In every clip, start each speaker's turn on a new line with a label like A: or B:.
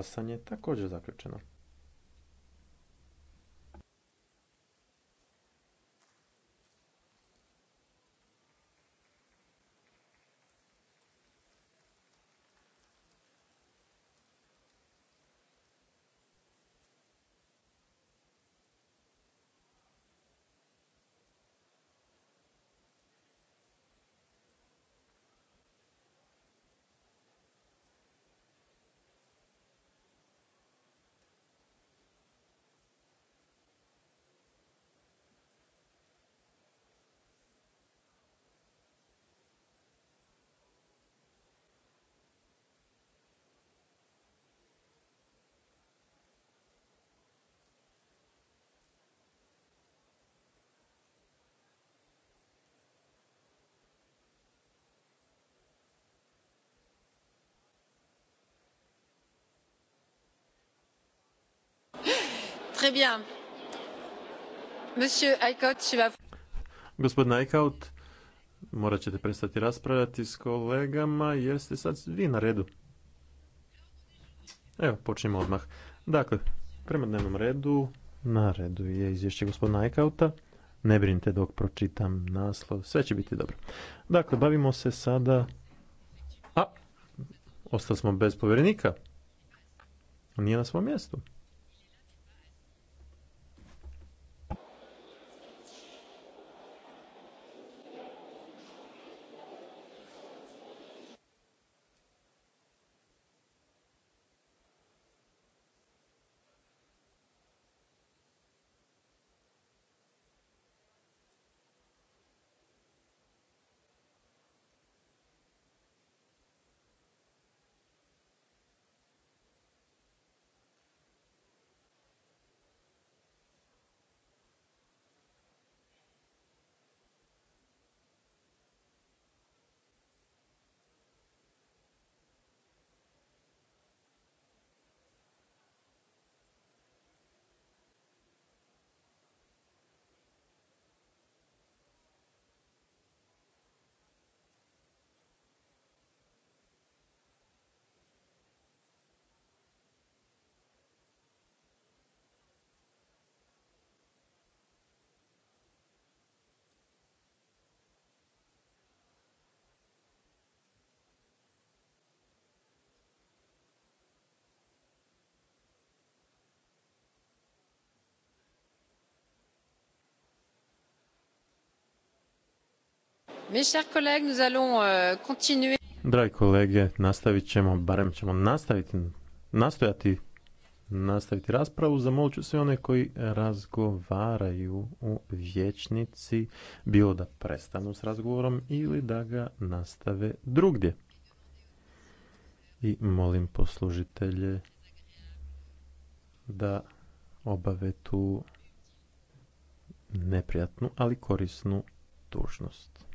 A: Glasanje također zaključeno. Gospodine bien. morat ćete prestati raspravljati s kolegama jer ste sad vi na redu. Evo, počnimo odmah. Dakle, prema dnevnom redu, na redu je izvješće gospodina Eichhouta. Ne brinite dok pročitam naslov, sve će biti dobro. Dakle, bavimo se sada... A, ostali smo bez povjerenika. Nije na svom mjestu.
B: Euh,
A: Dragi kolege, nastavit ćemo, barem ćemo nastaviti, nastojati nastaviti raspravu. Zamolit ću sve one koji razgovaraju u vječnici, bilo da prestanu s razgovorom ili da ga nastave drugdje. I molim poslužitelje da obave tu neprijatnu, ali korisnu dužnost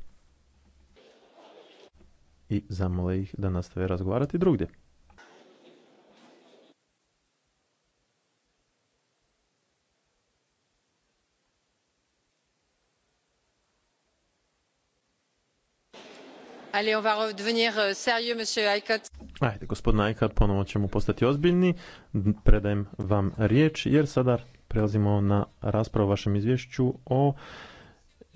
A: i zamole ih da nastave razgovarati drugdje.
B: ali on va redevenir euh, sérieux, monsieur Aikot.
A: Ajde, gospodin Aikot, ponovno ćemo postati ozbiljni. Predajem vam riječ, jer sada prelazimo na raspravu o vašem izvješću o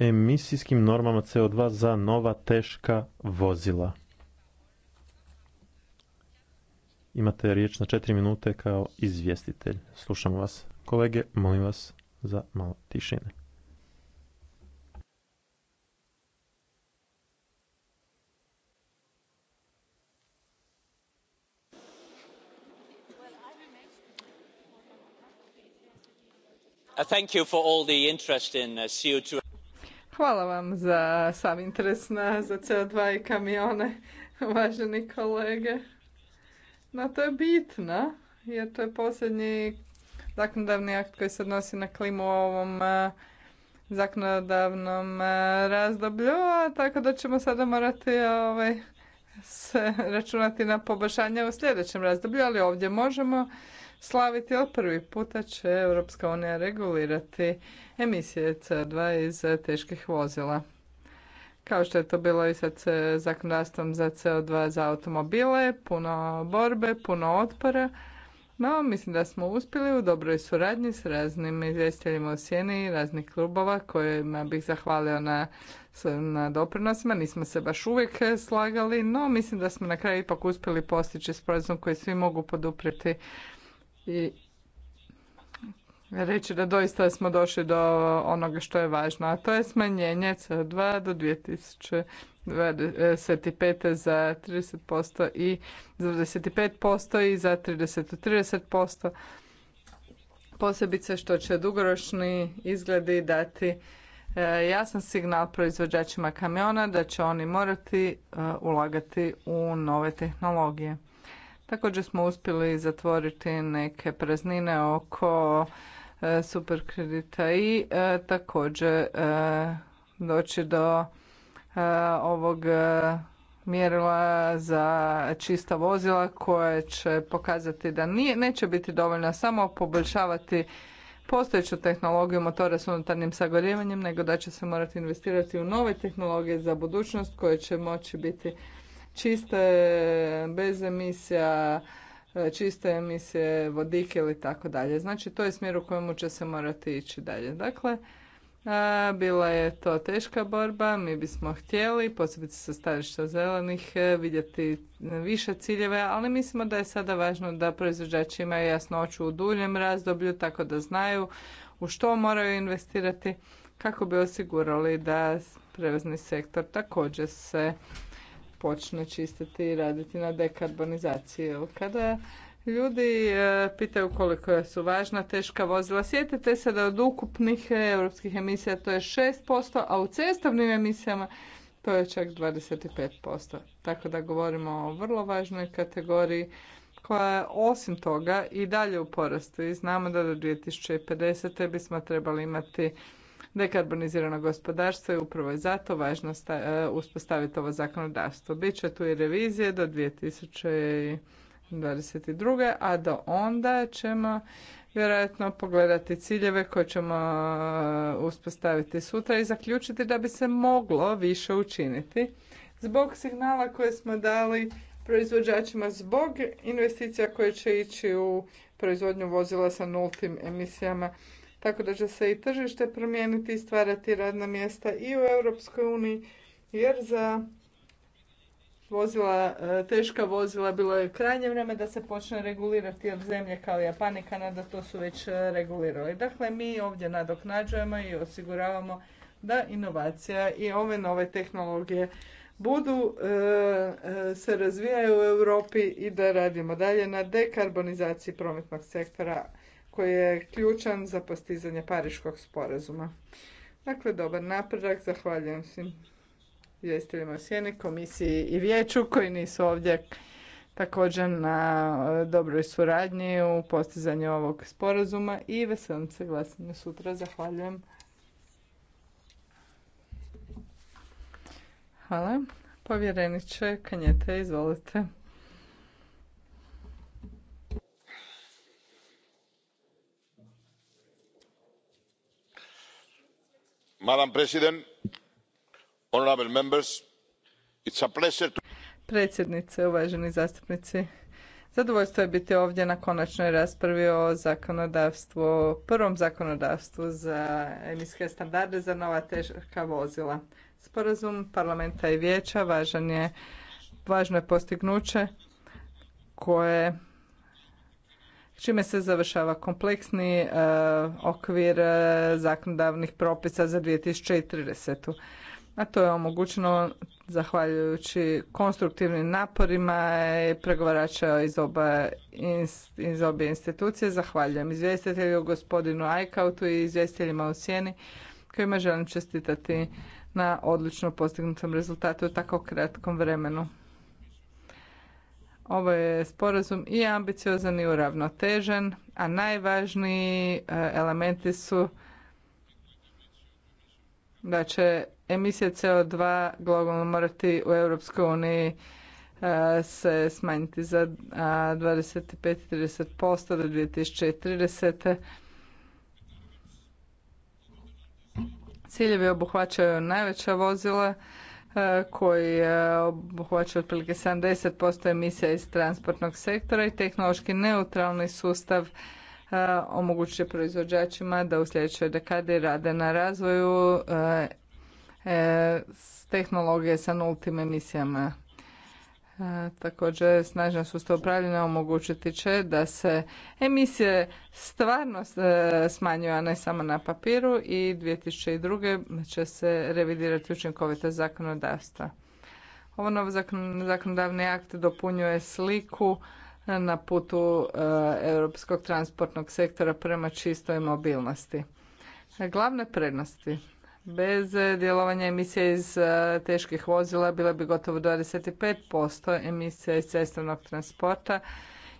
A: emisijskim normama CO2 za nova teška vozila. Imate riječ na četiri minute kao izvjestitelj. Slušamo vas. Kolege, molim vas za malo tišine.
C: Thank you for all the interest in uh, CO2. Hvala vam za sam interes na, za CO2 i kamione, uvaženi kolege. No to je bitno, jer to je posljednji zakonodavni akt koji se odnosi na klimu u ovom e, zakonodavnom e, razdoblju, tako da ćemo sada morati ovaj, se računati na poboljšanje u sljedećem razdoblju, ali ovdje možemo slaviti od prvi puta će Europska unija regulirati emisije CO2 iz teških vozila. Kao što je to bilo i sa zakonodavstvom za CO2 za automobile, puno borbe, puno otpora, no mislim da smo uspjeli u dobroj suradnji s raznim izvjestiteljima u sjeni i raznih klubova kojima bih zahvalio na, na doprinosima. Nismo se baš uvijek slagali, no mislim da smo na kraju ipak uspjeli postići sporazum koji svi mogu poduprijeti i reći da doista smo došli do onoga što je važno, a to je smanjenje CO2 do 2025. za 30% i za 25% i za 30 30%. Posebice što će dugoročni izgledi dati e, jasan signal proizvođačima kamiona da će oni morati e, ulagati u nove tehnologije. Također smo uspjeli zatvoriti neke praznine oko e, superkredita i e, također e, doći do ovog mjerila za čista vozila koje će pokazati da nije, neće biti dovoljno samo poboljšavati postojeću tehnologiju motora s unutarnjim sagorijevanjem, nego da će se morati investirati u nove tehnologije za budućnost koje će moći biti čiste, bez emisija, e, čiste emisije vodike ili tako dalje. Znači to je smjer u kojemu će se morati ići dalje. Dakle, e, bila je to teška borba, mi bismo htjeli, posebice sa stajališta zelenih, e, vidjeti više ciljeve, ali mislimo da je sada važno da proizvođači imaju jasnoću u duljem razdoblju, tako da znaju u što moraju investirati kako bi osigurali da prevozni sektor također se počne čistiti i raditi na dekarbonizaciji. Kada ljudi e, pitaju koliko su važna teška vozila, sjetite se da od ukupnih europskih emisija to je 6%, a u cestovnim emisijama to je čak 25%. Tako da govorimo o vrlo važnoj kategoriji koja je osim toga i dalje u porastu i znamo da do 2050. bismo trebali imati Dekarbonizirano gospodarstvo je upravo je zato važno e, uspostaviti ovo zakonodavstvo. Biće tu i revizije do 2022. a do onda ćemo vjerojatno pogledati ciljeve koje ćemo e, uspostaviti sutra i zaključiti da bi se moglo više učiniti. Zbog signala koje smo dali proizvođačima, zbog investicija koje će ići u proizvodnju vozila sa nultim emisijama tako da će se i tržište promijeniti i stvarati radna mjesta i u Europskoj uniji, jer za vozila, e, teška vozila bilo je krajnje vrijeme da se počne regulirati od zemlje kao Japan i Kanada to su već e, regulirali. Dakle, mi ovdje nadoknađujemo i osiguravamo da inovacija i ove nove tehnologije budu e, se razvijaju u Europi i da radimo dalje na dekarbonizaciji prometnog sektora koji je ključan za postizanje Pariškog sporazuma. Dakle, dobar napredak, zahvaljujem svim izvjestiteljima sjeni, komisiji i vijeću koji nisu ovdje također na e, dobroj suradnji u postizanju ovog sporazuma i veselim se glasanju sutra. Zahvaljujem. Hvala. Povjereniče Kanjete, izvolite.
B: Madam President,
C: Predsjednice, uvaženi zastupnici, Zadovoljstvo je biti ovdje na konačnoj raspravi o zakonodavstvu, o prvom zakonodavstvu za emisijske standarde za nova teška vozila. Sporazum parlamenta i vijeća važno je postignuće koje čime se završava kompleksni e, okvir e, zakonodavnih propisa za 2030. A to je omogućeno zahvaljujući konstruktivnim naporima pregovarača iz, oba, iz obje institucije. Zahvaljujem izvjestitelju gospodinu Ajkautu i izvjestiteljima u Sjeni kojima želim čestitati na odlično postignutom rezultatu u tako kratkom vremenu. Ovo je sporazum i ambiciozan i uravnotežen, a najvažniji e, elementi su da će emisija CO2 globalno morati u Europskoj uniji e, se smanjiti za 25-30% do 2030. Ciljevi obuhvaćaju najveća vozila, E, koji e, obuhvaća otprilike 70% emisija iz transportnog sektora i tehnološki neutralni sustav e, omogućuje proizvođačima da u sljedećoj dekadi rade na razvoju tehnologije sa nultim emisijama Također, snažan sustav upravljanja omogućiti će da se emisije stvarno e, smanjuju, a ne samo na papiru i 2002. će se revidirati učinkovite zakonodavstva. Ovo novo zakonodavni akt dopunjuje sliku na putu e, europskog transportnog sektora prema čistoj mobilnosti. Glavne prednosti Bez eh, djelovanja emisije iz eh, teških vozila bila bi gotovo 25% emisije iz cestovnog transporta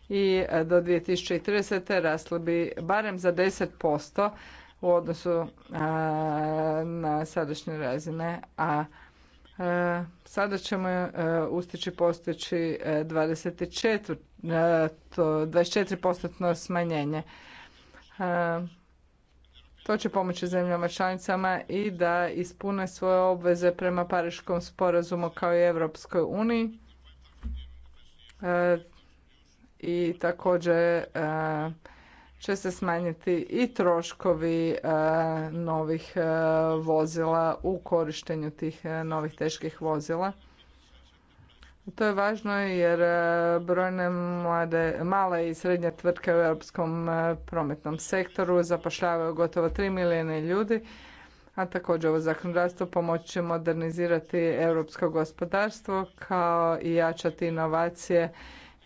C: i eh, do 2030. rasla bi barem za 10% u odnosu na sadašnje razine, a sada ćemo ustići postojeći 24, 24% smanjenje. To će pomoći zemljama članicama i da ispune svoje obveze prema Pariškom sporazumu kao i Europskoj uniji. E, I također e, će se smanjiti i troškovi e, novih e, vozila u korištenju tih e, novih teških vozila. To je važno jer e, brojne mlade, male i srednje tvrtke u europskom e, prometnom sektoru zapošljavaju gotovo 3 milijune ljudi, a također ovo zakonodavstvo pomoći će modernizirati europsko gospodarstvo kao i jačati inovacije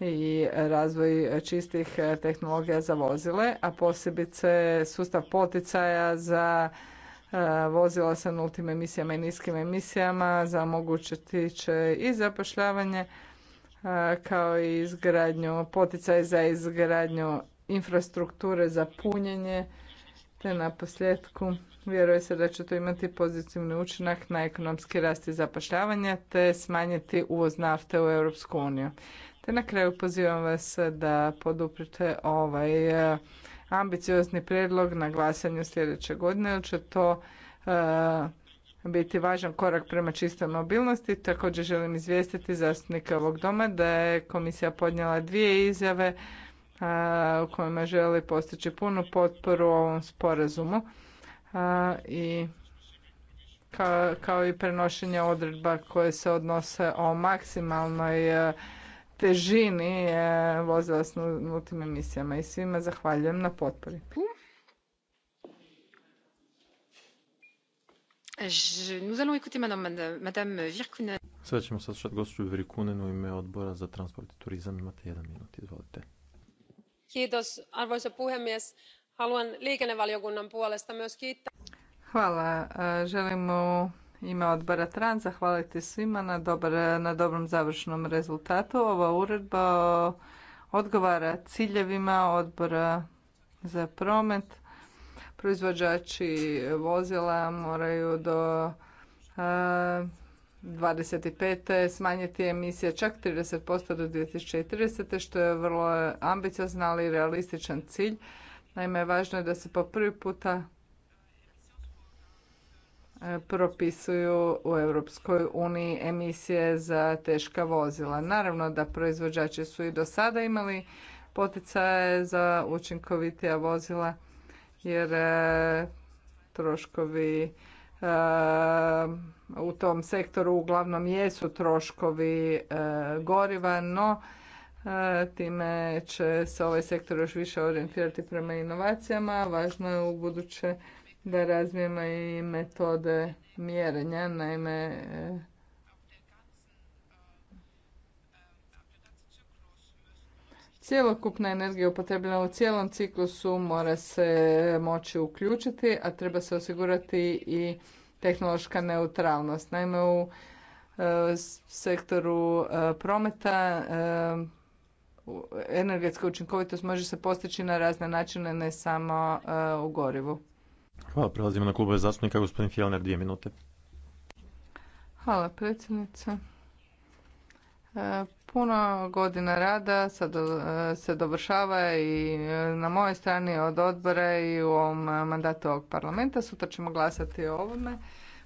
C: i razvoj čistih e, tehnologija za vozile, a posebice sustav poticaja za E, vozila sa nultim emisijama i niskim emisijama zamogućiti će i zapošljavanje e, kao i izgradnju, poticaj za izgradnju infrastrukture za punjenje te na posljedku vjeruje se da će to imati pozitivni učinak na ekonomski rast i zapošljavanje te smanjiti uvoz nafte u Europsku uniju. Te na kraju pozivam vas da poduprite ovaj e, ambiciozni prijedlog na glasanju sljedeće godine jer će to eh, biti važan korak prema čistoj mobilnosti. Također želim izvijestiti zastupnike ovog doma da je komisija podnijela dvije izjave eh, u kojima želi postići punu potporu ovom sporazumu eh, i kao i prenošenje odredba koje se odnose o maksimalnoj težini vozila s nultim emisijama i svima zahvaljujem na potpori.
A: Sada ćemo saslušati gospođu Virkunen u ime odbora za transport i turizam. Imate jedan minut, izvolite.
B: Kiitos, arvoisa puhemies. Haluan liikennevaliokunnan puolesta myös kiittää.
C: Hvala. E, želimo ime odbora TRAN zahvaliti svima na, na dobrom završnom rezultatu. Ova uredba odgovara ciljevima odbora za promet. Proizvođači vozila moraju do a, 25. smanjiti emisije čak 30% do 2030. što je vrlo ambiciozna ali realističan cilj. Naime, važno je da se po prvi puta propisuju u Europskoj uniji emisije za teška vozila. Naravno da proizvođači su i do sada imali poticaje za učinkovitija vozila jer e, troškovi e, u tom sektoru uglavnom jesu troškovi e, goriva, no time će se ovaj sektor još više orijentirati prema inovacijama. Važno je u buduće da razvijemo i metode mjerenja. Naime, e, cjelokupna energija upotrebljena u cijelom ciklusu mora se moći uključiti, a treba se osigurati i tehnološka neutralnost. Naime, u e, sektoru e, prometa energetska učinkovitost može se postići na razne načine, ne samo u gorivu.
A: Hvala, prelazimo na klubove zastupnika. Gospodin Fjellner, dvije minute.
C: Hvala, predsjednice. E, puno godina rada sad e, se dovršava i e, na mojoj strani od odbora i u ovom mandatu ovog parlamenta. Sutra ćemo glasati o ovome.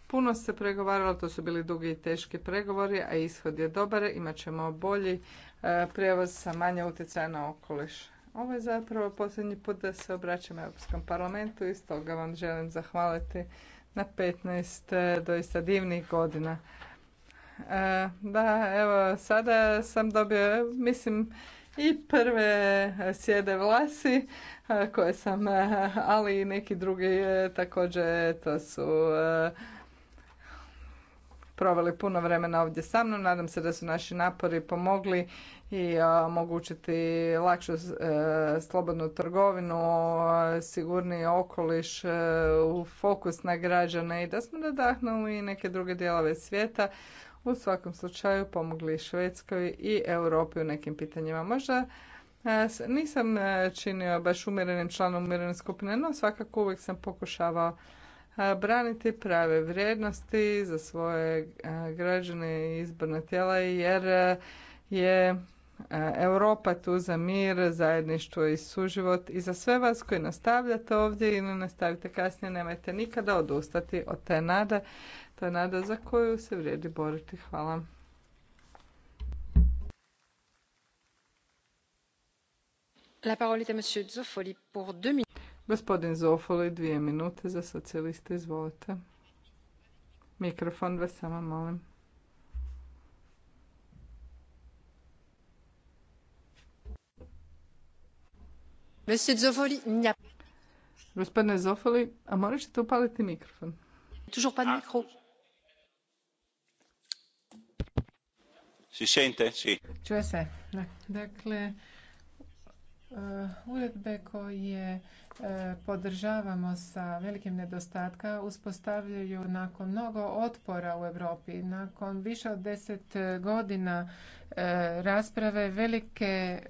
C: Puno se pregovaralo, to su bili dugi i teški pregovori, a ishod je dobar. Imat ćemo bolji prijevoz sa manje utjecaja na okoliš. Ovo je zapravo posljednji put da se obraćam Europskom parlamentu i stoga vam želim zahvaliti na 15 e, doista divnih godina. E, da, evo, sada sam dobio, e, mislim, i prve sjede vlasi koje sam, ali i neki drugi također, to su proveli puno vremena ovdje sa mnom. Nadam se da su naši napori pomogli i e, omogućiti lakšu e, slobodnu trgovinu, e, sigurniji okoliš, u fokus na građane i da smo nadahnuli i neke druge dijelove svijeta. U svakom slučaju pomogli Švedskoj i Europi u nekim pitanjima. Možda nisam činio baš umjerenim članom umjerene skupine, no svakako uvijek sam pokušavao braniti prave vrijednosti za svoje građane i izborna tijela jer je Europa tu za mir, zajedništvo i suživot i za sve vas koji nastavljate ovdje ili nastavite kasnije nemojte nikada odustati od te nade. To je nada za koju se vrijedi boriti. Hvala. La Gospodin Zofoli, dvije minute za socijaliste, izvolite. Mikrofon vas samo molim. Gospodine Zofoli, a morat ćete upaliti mikrofon. Toujours pas de micro.
A: Si
B: Čuje se. Dakle, E, uredbe koje e, podržavamo sa velikim nedostatka uspostavljaju nakon mnogo otpora u Europi. Nakon više od deset godina e, rasprave velike,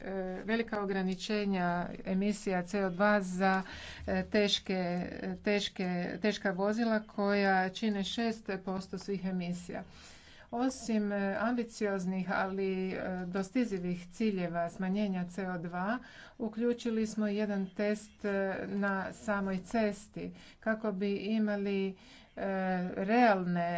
B: velika ograničenja emisija CO2 za teška vozila koja čine 6% svih emisija. Osim e, ambicioznih, ali e, dostizivih ciljeva smanjenja CO2, uključili smo jedan test e, na samoj cesti kako bi imali realne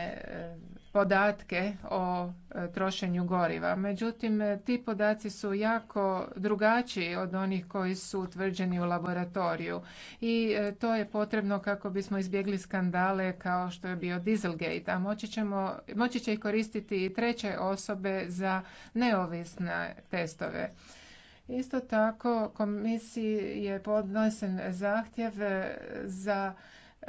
B: podatke o e, trošenju goriva. Međutim, e, ti podaci su jako drugačiji od onih koji su utvrđeni u laboratoriju i e, to je potrebno kako bismo izbjegli skandale kao što je bio Dieselgate, a moći, ćemo, moći će ih koristiti i treće osobe za neovisne testove. Isto tako komisiji je podnosen zahtjev za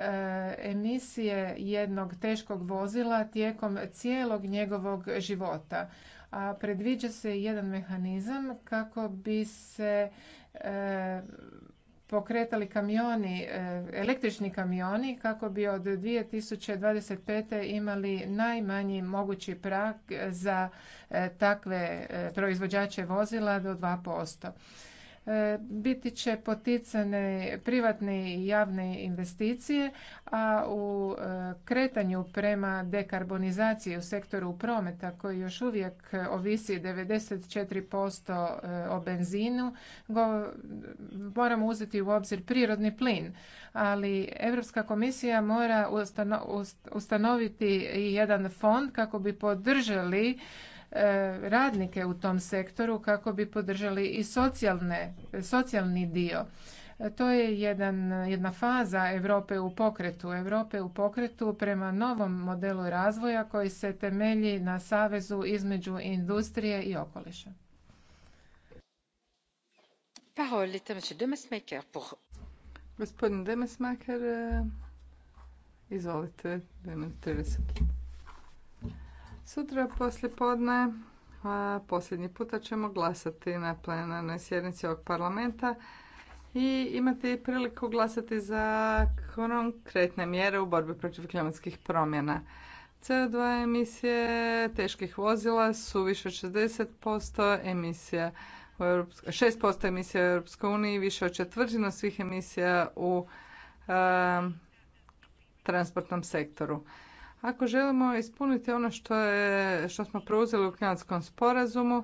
B: E, emisije jednog teškog vozila tijekom cijelog njegovog života. A predviđa se jedan mehanizam kako bi se e, pokretali kamioni, e, električni kamioni kako bi od 2025. imali najmanji mogući prag za takve proizvođače vozila do 2%. E, biti će poticane privatne i javne investicije, a u e, kretanju prema dekarbonizaciji u sektoru prometa koji još uvijek ovisi 94% e, o benzinu, moramo uzeti u obzir prirodni plin, ali Europska komisija mora ustanoviti i jedan fond kako bi podržali E, radnike u tom sektoru kako bi podržali i socijalne, socijalni dio. E, to je jedan, jedna faza Europe u pokretu. Europe u pokretu prema novom modelu razvoja koji se temelji na savezu između industrije i okoliša.
C: Gospodin Demesmaker, e, izvolite, 30. Sutra podne posljednji puta ćemo glasati na plenarnoj sjednici ovog parlamenta i imati priliku glasati za konkretne mjere u borbi protiv klimatskih promjena. CO2 emisije teških vozila su više od 60% emisija u Europsko, 6% emisija u Europskoj uniji, više od četvrtine svih emisija u transportnom sektoru. Ako želimo ispuniti ono što, je, što smo preuzeli u klimatskom sporazumu,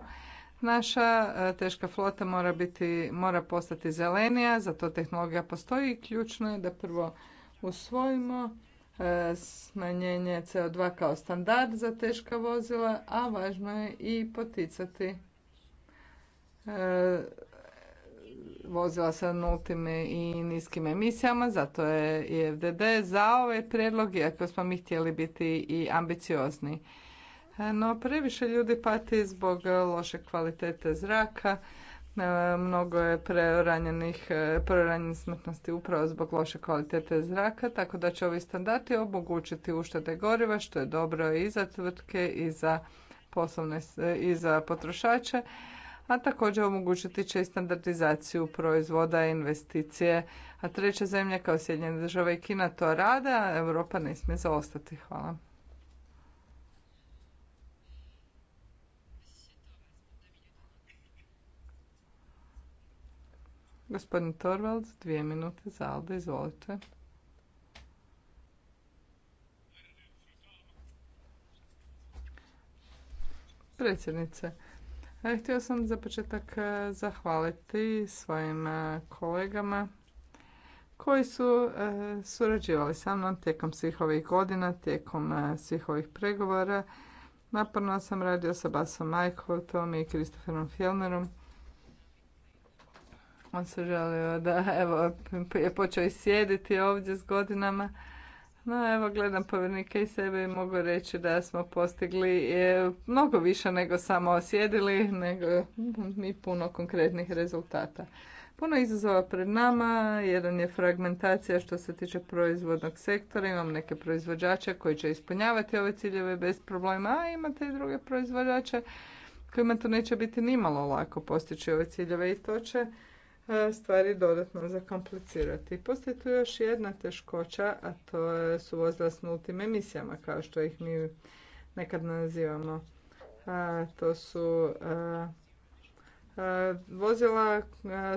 C: naša e, teška flota mora, biti, mora postati zelenija, zato tehnologija postoji i ključno je da prvo usvojimo e, smanjenje CO2 kao standard za teška vozila, a važno je i poticati e, vozila sa nultim i niskim emisijama, zato je i FDD za ovaj prijedlog, iako smo mi htjeli biti i ambiciozni. No, previše ljudi pati zbog loše kvalitete zraka, e, mnogo je preranjenih, e, preranjenih smrtnosti upravo zbog loše kvalitete zraka, tako da će ovi standardi omogućiti uštede goriva, što je dobro i za tvrtke i za poslovne e, i za potrošače a također omogućiti će i standardizaciju proizvoda i investicije, a treće zemlja kao Sjedinjene države i Kina to rade, a Europa ne smije zaostati. Hvala. Gospodin Torvalds, dvije minute za Alde, izvolite. Predsjednice, E, htio sam za početak e, zahvaliti svojim e, kolegama koji su surađivali sa mnom tijekom svih ovih godina, tijekom svih ovih pregovora. Naporno sam radio sa Basom Majkotom i Kristoferom Fjellnerom. On se želio da evo, je počeo i sjediti ovdje s godinama. No, evo gledam povjernike i sebe i mogu reći da smo postigli e, mnogo više nego samo osjedili, nego i puno konkretnih rezultata. Puno izazova pred nama, jedan je fragmentacija što se tiče proizvodnog sektora, imam neke proizvođače koji će ispunjavati ove ciljeve bez problema, a imate i druge proizvođače kojima to neće biti nimalo lako postići ove ciljeve i to će E, stvari dodatno zakomplicirati. Postoji tu još jedna teškoća, a to su vozila s nultim emisijama, kao što ih mi nekad nazivamo. to su e, e, vozila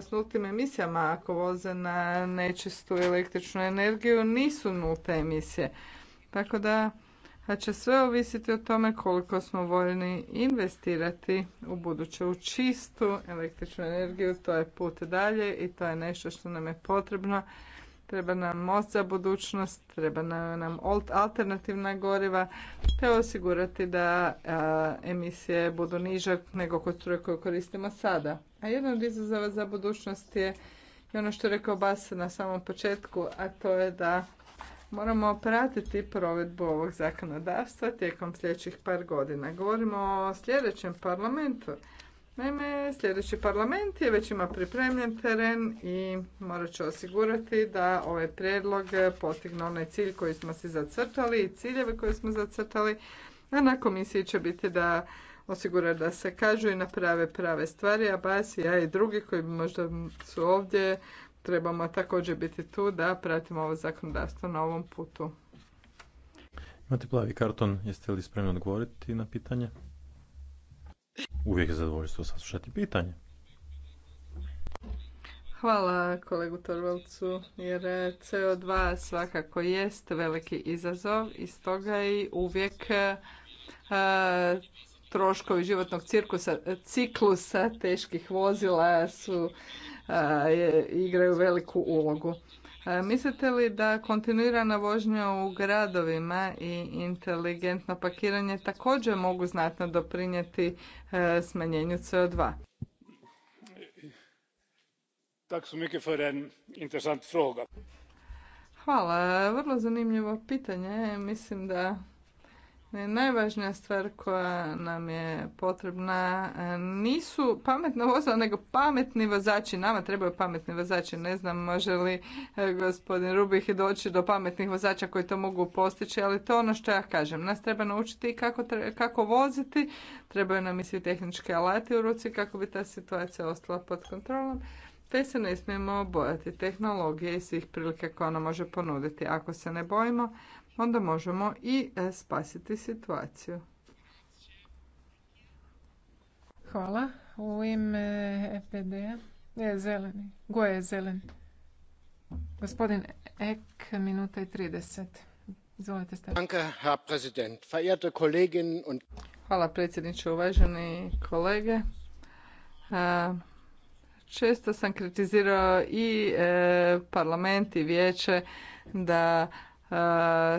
C: s nultim emisijama, ako voze na nečistu električnu energiju, nisu nulte emisije. Tako da će sve ovisiti o tome koliko smo voljni investirati u buduće u čistu električnu energiju. To je put dalje i to je nešto što nam je potrebno. Treba nam most za budućnost, treba nam alternativna goriva, te osigurati da emisije budu niže nego kod struje koju koristimo sada. A jedan od izazova za budućnost je i ono što je rekao Bas na samom početku, a to je da Moramo pratiti provedbu ovog zakonodavstva tijekom sljedećih par godina. Govorimo o sljedećem parlamentu. Naime, sljedeći parlament je već ima pripremljen teren i morat će osigurati da ovaj prijedlog postigne onaj cilj koji smo si zacrtali i ciljeve koje smo zacrtali, a na komisiji će biti da osigura da se kažu i naprave prave stvari, a Bas i ja i drugi koji možda su ovdje trebamo također biti tu da pratimo ovo zakonodavstvo na ovom putu.
A: Imate plavi karton, jeste li spremni odgovoriti na pitanje? Uvijek je zadovoljstvo saslušati pitanje.
C: Hvala kolegu Torvalcu, jer CO2 svakako jest veliki izazov i stoga i uvijek troškovi životnog cirkusa, ciklusa teških vozila su igraju veliku ulogu. Mislite li da kontinuirana vožnja u gradovima i inteligentno pakiranje također mogu znatno doprinijeti smanjenju CO2? Hvala, vrlo zanimljivo pitanje. Mislim da najvažnija stvar koja nam je potrebna e, nisu pametna vozila, nego pametni vozači. Nama trebaju pametni vozači. Ne znam može li e, gospodin Rubih doći do pametnih vozača koji to mogu postići, ali to je ono što ja kažem. Nas treba naučiti kako, kako voziti, trebaju nam i svi tehnički alati u ruci kako bi ta situacija ostala pod kontrolom te se ne smijemo bojati tehnologije i svih prilike koje ona može ponuditi. Ako se ne bojimo, onda možemo i e, spasiti situaciju.
B: Hvala. U ime epd e, je zeleni. Goje je zelen.
C: Gospodin Ek, minuta i 30. Izvolite ste. Hvala predsjedniče, uvaženi kolege. E, često sam kritizirao i parlament i vijeće da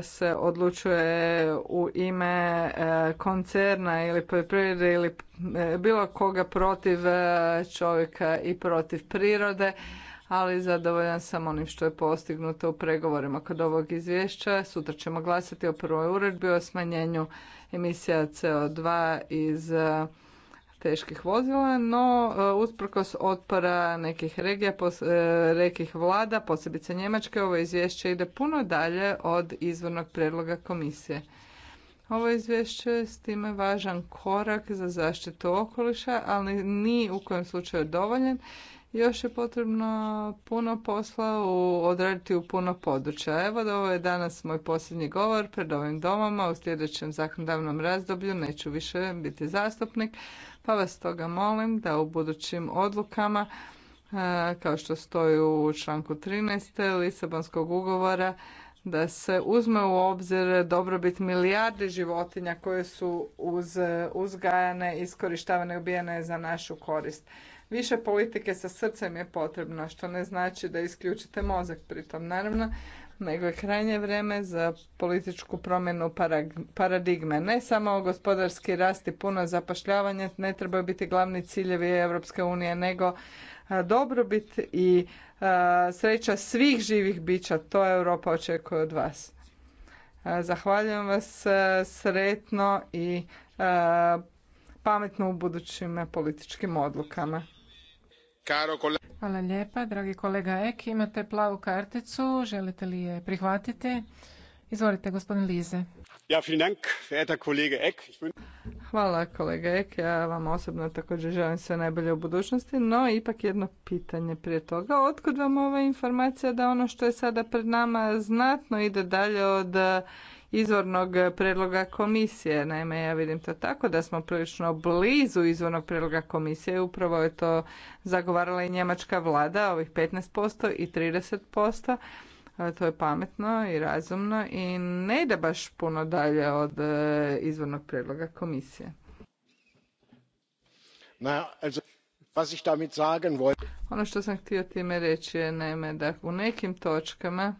C: se odlučuje u ime e, koncerna ili poljoprivrede ili e, bilo koga protiv e, čovjeka i protiv prirode, ali zadovoljan sam onim što je postignuto u pregovorima kod ovog izvješća. Sutra ćemo glasati o prvoj uredbi o smanjenju emisija CO2 iz teških vozila, no e, usprkos otpora nekih regija, pos, e, rekih vlada, posebice Njemačke, ovo izvješće ide puno dalje od izvornog predloga komisije. Ovo izvješće je s time važan korak za zaštitu okoliša, ali ni u kojem slučaju dovoljen. Još je potrebno puno posla u, odraditi u puno područja. Evo da ovo je danas moj posljednji govor pred ovim domama. U sljedećem zakonodavnom razdoblju neću više biti zastupnik, pa vas toga molim da u budućim odlukama e, kao što stoji u članku 13. Lisabonskog ugovora da se uzme u obzir dobrobit milijardi životinja koje su uz, uzgajane, iskorištavane, ubijene za našu korist. Više politike sa srcem je potrebno, što ne znači da isključite mozak pritom. Naravno, nego je krajnje vrijeme za političku promjenu paradigme. Ne samo gospodarski rast i puno zapošljavanje ne trebaju biti glavni ciljevi Europske unije, nego dobrobit i sreća svih živih bića. To Europa očekuje od vas. Zahvaljujem vas sretno i pametno u budućim političkim odlukama. Hvala lijepa, dragi kolega Ek.
B: Imate plavu karticu, želite li je prihvatiti? Izvolite, gospodin Lize.
C: Hvala kolega Ek, ja vam osobno također želim sve najbolje u budućnosti, no ipak jedno pitanje prije toga. Otkud vam ova informacija da ono što je sada pred nama znatno ide dalje od izvornog predloga komisije. Naime, ja vidim to tako da smo prilično blizu izvornog predloga komisije. Upravo je to zagovarala i njemačka vlada, ovih 15% i 30%. E, to je pametno i razumno i ne ide baš puno dalje od e, izvornog predloga komisije. Na, e, Ono što sam htio time reći je naime da u nekim točkama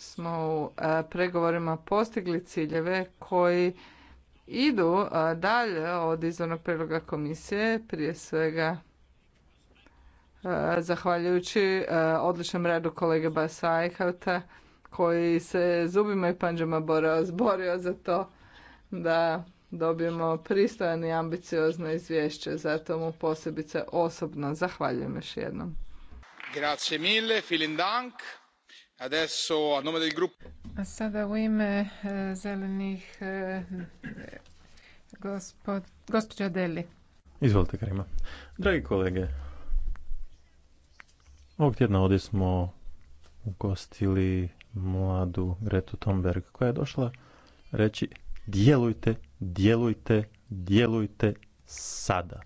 C: smo u e, pregovorima postigli ciljeve koji idu e, dalje od izvornog prijedloga komisije, prije svega e, zahvaljujući odličnom radu kolege Basa Eichauta koji se zubima i panđama borao, zborio za to da dobijemo pristojan i ambiciozno izvješće. Zato mu posebice osobno zahvaljujem još jednom.
B: Grazie mille, vielen Dank. A sada u ime e, zelenih e, gospođa Deli.
A: Izvolite Karima. Dragi kolege, ovog tjedna ovdje smo ugostili mladu Gretu Thunberg koja je došla reći djelujte, djelujte, djelujte sada.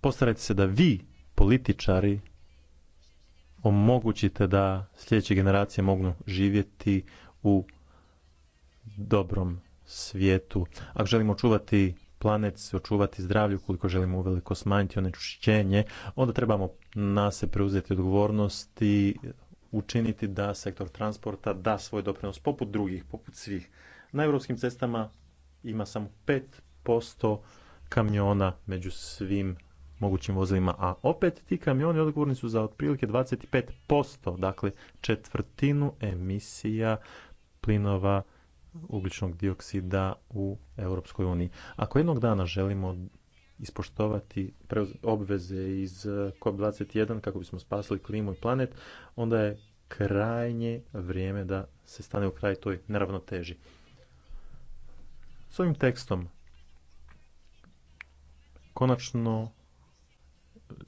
A: Postarajte se da vi, političari, omogućite da sljedeće generacije mogu živjeti u dobrom svijetu. Ako želimo čuvati planet, očuvati zdravlju, koliko želimo uveliko smanjiti ono onečišćenje, onda trebamo na se preuzeti odgovornost i učiniti da sektor transporta da svoj doprinos poput drugih, poput svih. Na europskim cestama ima samo 5% kamiona među svim mogućim vozilima, a opet ti kamioni odgovorni su za otprilike 25%, dakle četvrtinu emisija plinova ugljičnog dioksida u Europskoj uniji. Ako jednog dana želimo ispoštovati obveze iz eh, COP21 kako bismo spasili klimu i planet, onda je krajnje vrijeme da se stane u kraj toj neravnoteži. S ovim tekstom konačno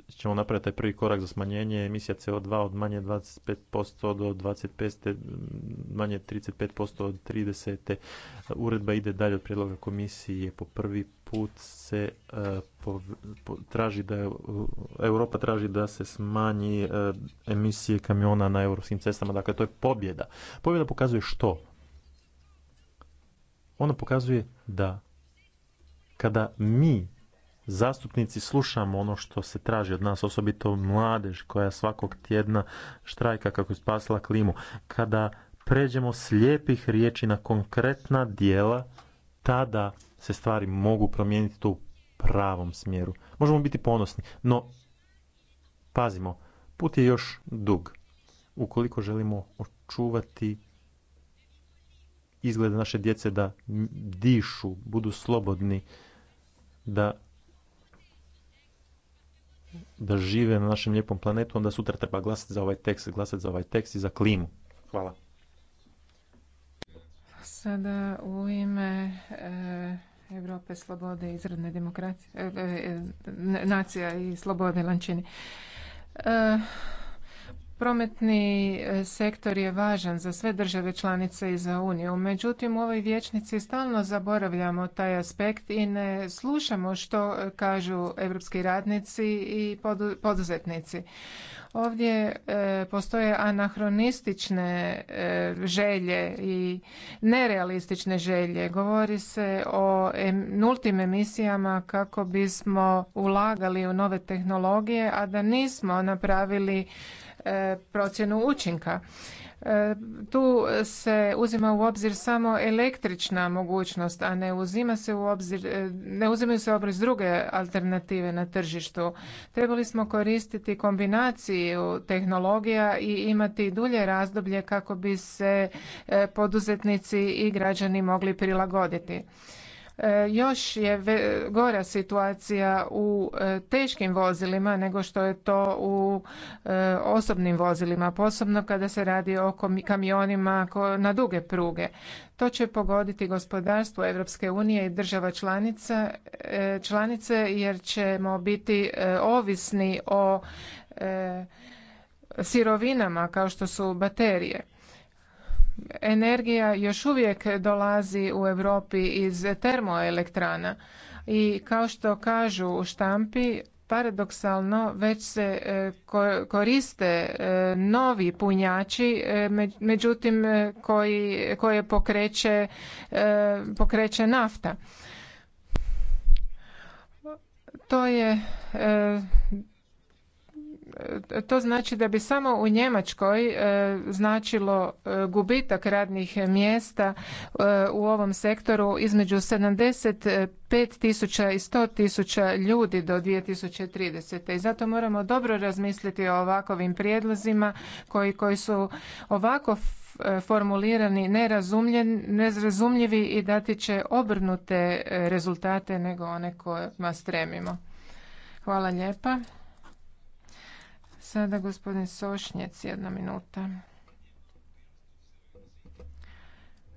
A: ćemo napraviti taj prvi korak za smanjenje emisija CO2 od manje 25% do 25, manje 35% od 30. Uredba ide dalje od prijedloga komisije. Po prvi put se e, traži da e, Europa traži da se smanji e, emisije kamiona na europskim cestama. Dakle, to je pobjeda. Pobjeda pokazuje što? Ona pokazuje da kada mi zastupnici slušamo ono što se traži od nas, osobito mladež koja svakog tjedna štrajka kako je spasila klimu. Kada pređemo slijepih riječi na konkretna dijela, tada se stvari mogu promijeniti u pravom smjeru. Možemo biti ponosni, no pazimo, put je još dug. Ukoliko želimo očuvati izgled naše djece da dišu, budu slobodni, da da žive na našem lijepom planetu, onda sutra treba glasati za ovaj tekst, glasati za ovaj tekst i za klimu. Hvala.
B: Sada u ime eh, Europe slobode, izradne demokracije, eh, eh, nacija i slobode lančini. E, Prometni e, sektor je važan za sve države članice i za Uniju, međutim u ovoj vječnici stalno zaboravljamo taj aspekt i ne slušamo što e, kažu europski radnici i poduzetnici. Ovdje e, postoje anahronistične želje i nerealistične želje. Govori se o nultim emisijama kako bismo ulagali u nove tehnologije, a da nismo napravili E, procjenu učinka. E, tu se uzima u obzir samo električna mogućnost, a ne uzima se u obzir, e, ne uzimaju se u obzir druge alternative na tržištu. Trebali smo koristiti kombinaciju tehnologija i imati dulje razdoblje kako bi se poduzetnici i građani mogli prilagoditi. E, još je gora situacija u e, teškim vozilima nego što je to u e, osobnim vozilima, posebno kada se radi o kamionima na duge pruge. To će pogoditi gospodarstvo Europske unije i država članica, članice jer ćemo biti ovisni o sirovinama kao što su baterije energija još uvijek dolazi u Europi iz termoelektrana i kao što kažu u štampi paradoksalno već se e, koriste e, novi punjači e, međutim koje pokreće, pokreće nafta. To je to znači da bi samo u Njemačkoj e, značilo e, gubitak radnih mjesta e, u ovom sektoru između 75 tisuća i 100 tisuća ljudi do 2030. I zato moramo dobro razmisliti o ovakovim prijedlozima koji, koji su ovako formulirani nezrazumljivi i dati će obrnute rezultate nego one kojima stremimo. Hvala lijepa. Sada gospodin Sošnjec, jedna minuta.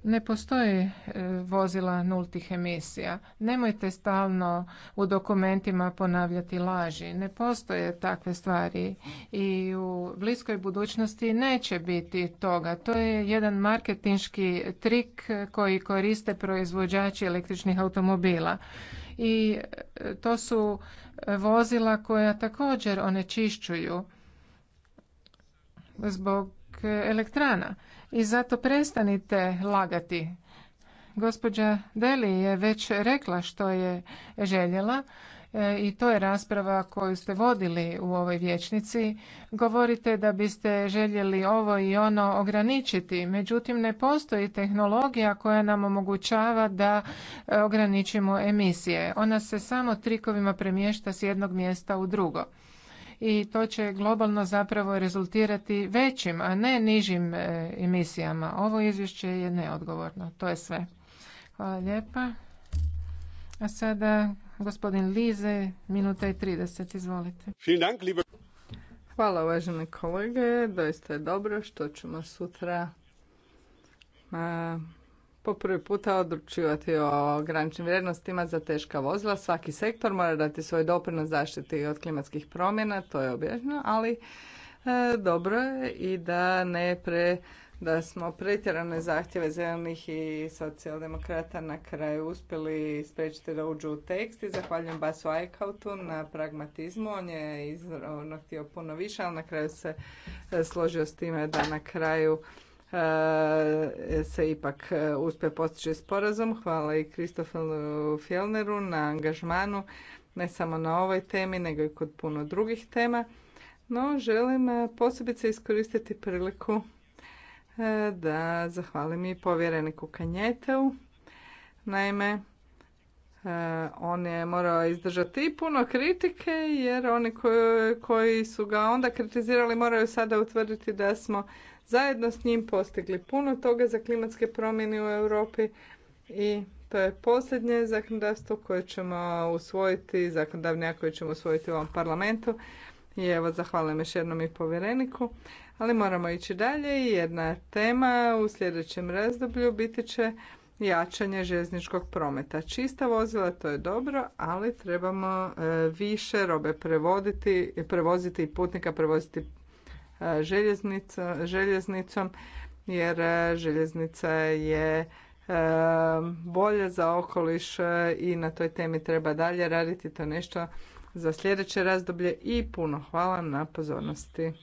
B: Ne postoje vozila nultih emisija. Nemojte stalno u dokumentima ponavljati laži. Ne postoje takve stvari i u bliskoj budućnosti neće biti toga. To je jedan marketinški trik koji koriste proizvođači električnih automobila. I e, to su e, vozila koja također onečišćuju zbog elektrana i zato prestanite lagati. Gospođa Deli je već rekla što je željela e, i to je rasprava koju ste vodili u ovoj vječnici. Govorite da biste željeli ovo i ono ograničiti, međutim ne postoji tehnologija koja nam omogućava da e, ograničimo emisije. Ona se samo trikovima premješta s jednog mjesta u drugo i to će globalno zapravo rezultirati većim, a ne nižim e, emisijama. Ovo izvješće je neodgovorno. To je sve. Hvala lijepa. A sada gospodin Lize, minuta i 30, izvolite.
C: Hvala uvažene kolege, doista je dobro što ćemo sutra prvi puta odlučivati o graničnim vrijednostima za teška vozila. Svaki sektor mora dati svoj doprinos zaštiti od klimatskih promjena, to je objašnjeno, ali e, dobro je i da ne pre da smo pretjerane zahtjeve zelenih i socijaldemokrata na kraju uspjeli spriječiti da uđu u tekst i zahvaljujem Basu Aikautu na pragmatizmu. On je izravno htio puno više, ali na kraju se e, složio s time da na kraju E, se ipak e, uspe postići sporazum. Hvala i Kristofelu Fjellneru na angažmanu ne samo na ovoj temi nego i kod puno drugih tema. No, želim e, posebice iskoristiti priliku da zahvalim i povjereniku Kanjeteu. Naime, on je morao izdržati puno kritike jer oni koji su ga onda kritizirali moraju sada utvrditi da smo zajedno s njim postigli puno toga za klimatske promjene u Europi i to je posljednje zakonodavstvo koje ćemo usvojiti, zakonodavni koje ćemo usvojiti u ovom parlamentu. I evo, zahvaljujem još jednom i povjereniku. Ali moramo ići dalje i jedna tema u sljedećem razdoblju biti će jačanje željezničkog prometa. Čista vozila to je dobro, ali trebamo e, više robe prevoziti i putnika prevoziti željeznicom jer e, željeznica je e, bolje za okoliš e, i na toj temi treba dalje raditi to nešto za sljedeće razdoblje i puno hvala na pozornosti.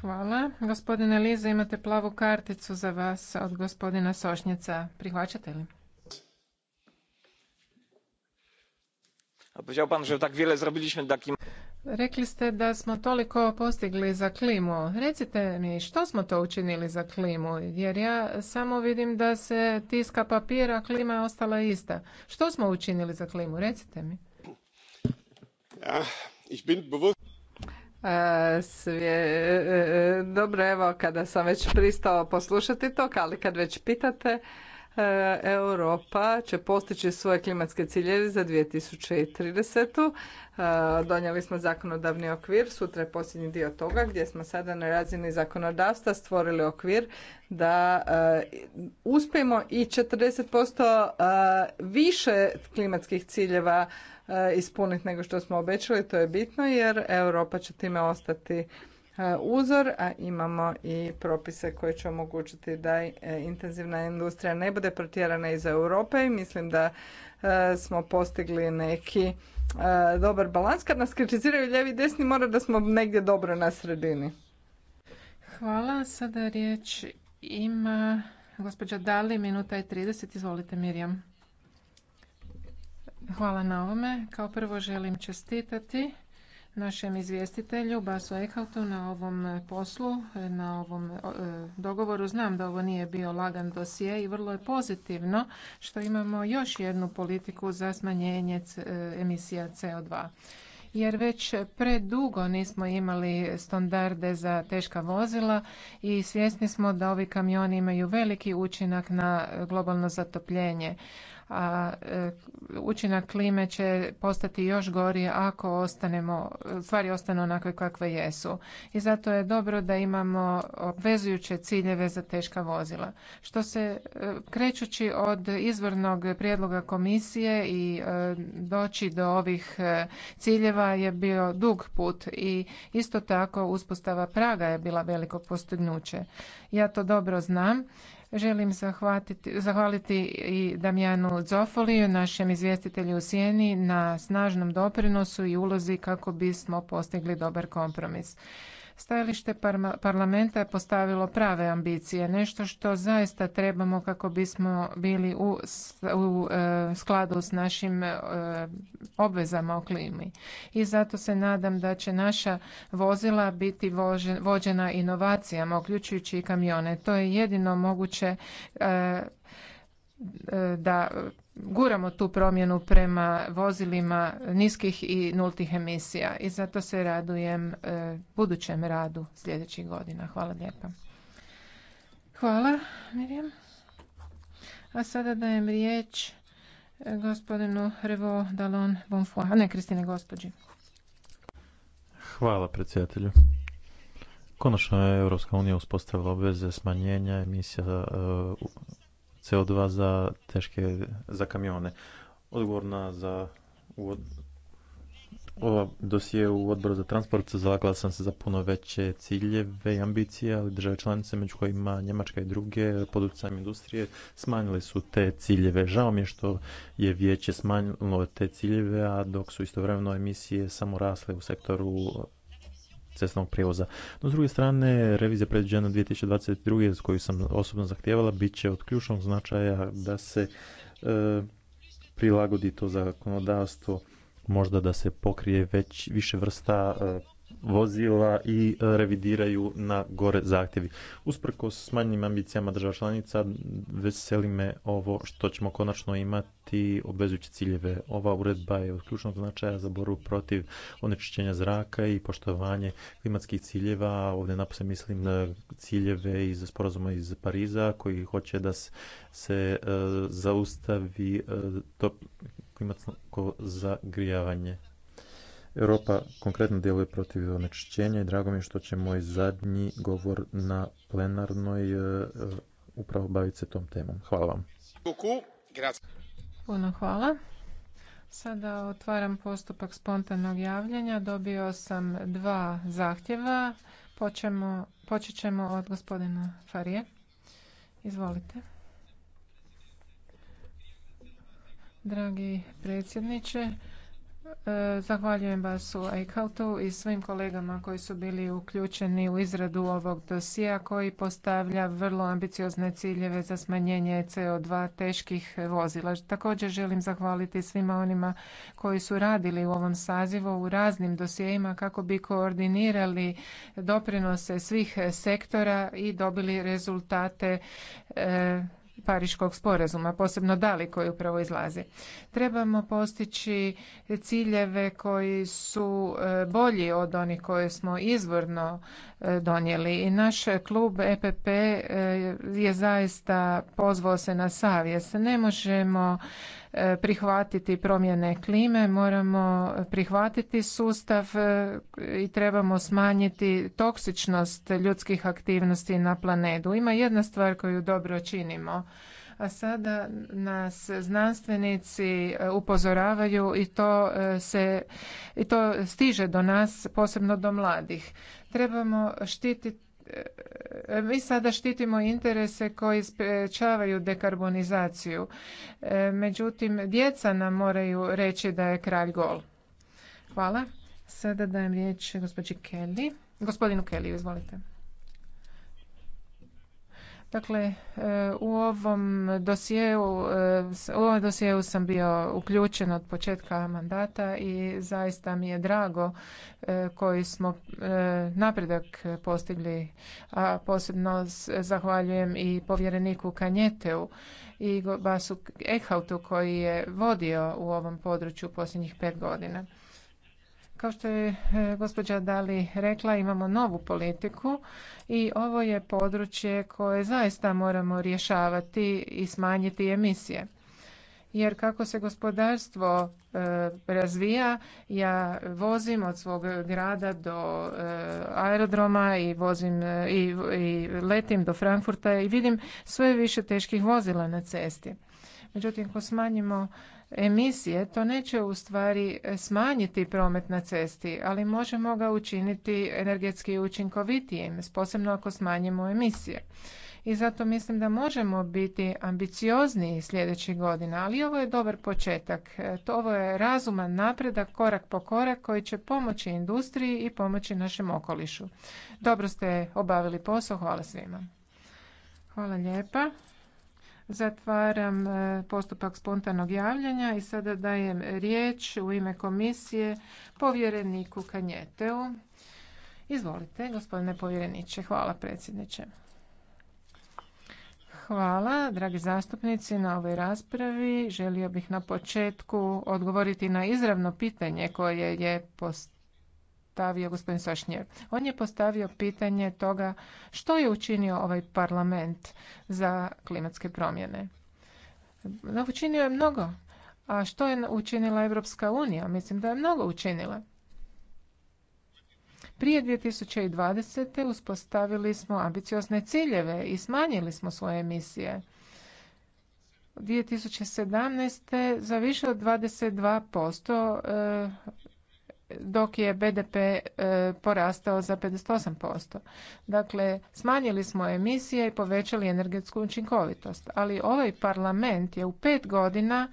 B: Hvala. Gospodine Liza, imate plavu karticu za vas od gospodina Sošnjica. Prihvaćate li? A pan, tak wiele zrobiliśmy takim... Rekli ste da smo toliko postigli za klimu. Recite mi što smo to učinili za klimu, jer ja samo vidim da se tiska papira, klima je ostala ista. Što smo učinili za klimu? Recite mi.
A: Ja, ich bin
C: e, e, Dobro, evo, kada sam već pristao poslušati to, ali kad već pitate, E, Europa će postići svoje klimatske ciljeve za 2030. E, donijeli smo zakonodavni okvir, sutra je posljednji dio toga gdje smo sada na razini zakonodavstva stvorili okvir da e, uspijemo i 40% više klimatskih ciljeva ispuniti nego što smo obećali. To je bitno jer Europa će time ostati E, uzor, a imamo i propise koji će omogućiti da e, intenzivna industrija ne bude protjerana iz Europe i mislim da e, smo postigli neki dobar balans. Kad nas kritiziraju ljevi i desni mora da smo negdje dobro na sredini.
B: Hvala. Sada riječ ima gospođa Dali, minuta i 30. Izvolite Mirjam. Hvala na ovome. Kao prvo želim čestitati našem izvjestitelju Basu Ekautu na ovom poslu, na ovom e, dogovoru. Znam da ovo nije bio lagan dosije i vrlo je pozitivno što imamo još jednu politiku za smanjenje e, emisija CO2 jer već predugo nismo imali standarde za teška vozila i svjesni smo da ovi kamioni imaju veliki učinak na globalno zatopljenje a e, učinak klime će postati još gori ako ostanemo, stvari ostanu onakve kakve jesu. I zato je dobro da imamo obvezujuće ciljeve za teška vozila. Što se e, krećući od izvornog prijedloga komisije i e, doći do ovih ciljeva je bio dug put i isto tako uspostava praga je bila veliko postignuće. Ja to dobro znam Želim zahvaliti i Damjanu Zofoliju, našem izvjestitelju u Sijeni, na snažnom doprinosu i ulozi kako bismo postigli dobar kompromis. Stajalište parlamenta je postavilo prave ambicije, nešto što zaista trebamo kako bismo bili u, e, skladu s našim e, obvezama o klimi. I zato se nadam da će naša vozila biti vođena inovacijama, uključujući i kamione. To je jedino moguće e, da guramo tu promjenu prema vozilima niskih i nultih emisija i zato se radujem e, budućem radu sljedećih godina. Hvala lijepa. Hvala, Mirjam. A sada dajem riječ e, gospodinu Revo Dalon Bonfoy. A ne, Kristine, gospođi.
A: Hvala predsjedatelju. Konačno je Europska unija uspostavila obveze smanjenja emisija e, CO2 za teške, za kamione. Odgovorna za u, ova dosije u odboru za transport zalagala sam se za puno veće ciljeve i ambicije, ali države članice među kojima Njemačka i druge pod industrije smanjile su te ciljeve. Žao mi je što je vijeće smanjilo te ciljeve, a dok su istovremeno emisije samo rasle u sektoru cestovnog prijevoza. No, s druge strane, revizija predviđena 2022. koju sam osobno zahtijevala, bit će od ključnog značaja da se e, prilagodi to zakonodavstvo možda da se pokrije već više vrsta e, vozila i e, revidiraju na gore zahtjevi. Usprko s manjim ambicijama država članica veseli me ovo što ćemo konačno imati obvezujuće ciljeve. Ova uredba je od ključnog značaja za boru protiv onečišćenja zraka i poštovanje klimatskih ciljeva. Ovdje napose mislim na ciljeve iz sporazuma iz Pariza koji hoće da se, e, zaustavi e, to klimatsko zagrijavanje. Europa konkretno djeluje protiv onečišćenja i drago mi je što će moj zadnji govor na plenarnoj e, e, upravo baviti se tom temom. Hvala vam.
B: Puno hvala. Sada otvaram postupak spontanog javljanja. Dobio sam dva zahtjeva. Počemo, počet ćemo od gospodina Farije. Izvolite. Dragi predsjedniče, Zahvaljujem vas u Eichautu i svim kolegama koji su bili uključeni u izradu ovog dosija koji postavlja vrlo ambiciozne ciljeve za smanjenje CO2 teških vozila. Također želim zahvaliti svima onima koji su radili u ovom sazivu u raznim dosjejima kako bi koordinirali doprinose svih sektora i dobili rezultate e, Pariškog sporazuma, posebno Dali koji upravo izlazi. Trebamo postići ciljeve koji su e, bolji od onih koje smo izvorno e, donijeli i naš klub EPP e, je zaista pozvao se na savjest. Ne možemo prihvatiti promjene klime, moramo prihvatiti sustav e, i trebamo smanjiti toksičnost ljudskih aktivnosti na planetu. Ima jedna stvar koju dobro činimo a sada nas znanstvenici e, upozoravaju i to e, se i to stiže do nas posebno do mladih trebamo štititi mi sada štitimo interese koji sprečavaju dekarbonizaciju. E, međutim, djeca nam moraju reći da je kralj gol. Hvala. Sada dajem riječ gospođi Kelly. Gospodinu Kelly, izvolite. Dakle, e, u ovom dosjeu, e, u ovom dosjeu sam bio uključen od početka mandata i zaista mi je drago e, koji smo napredak postigli, a posebno zahvaljujem i povjereniku Kanjeteu i Basu Ehautu koji je vodio u ovom području posljednjih pet godina. Kao što je e, gospođa Dali rekla, imamo novu politiku i ovo je područje koje zaista moramo rješavati i smanjiti emisije jer kako se gospodarstvo e, razvija ja vozim od svog grada do e, aerodroma i vozim i, i letim do Frankfurta i vidim sve više teških vozila na cesti međutim ako smanjimo emisije, to neće u stvari smanjiti promet na cesti, ali možemo ga učiniti energetski učinkovitijim, posebno ako smanjimo emisije. I zato mislim da možemo biti ambiciozniji sljedećih godina, ali ovo je dobar početak. E, to ovo je razuman napredak korak po korak koji će pomoći industriji i pomoći našem okolišu. Dobro ste obavili posao, hvala svima. Hvala lijepa. Zatvaram e, postupak spontanog javljanja i sada dajem riječ u ime komisije povjereniku Kanjeteu. Izvolite, gospodine povjereniče. Hvala, predsjedniče. Hvala, dragi zastupnici, na ovoj raspravi. Želio bih na početku odgovoriti na izravno pitanje koje je postavljeno postavio gospodin Sašnjev. On je postavio pitanje toga što je učinio ovaj parlament za klimatske promjene. Učinio je mnogo. A što je učinila Europska unija? Mislim da je mnogo učinila. Prije 2020. uspostavili smo ambiciozne ciljeve i smanjili smo svoje emisije. 2017. za više od 22% dok je BDP e, porastao za 58%. Dakle, smanjili smo emisije i povećali energetsku učinkovitost. Ali ovaj parlament je u pet godina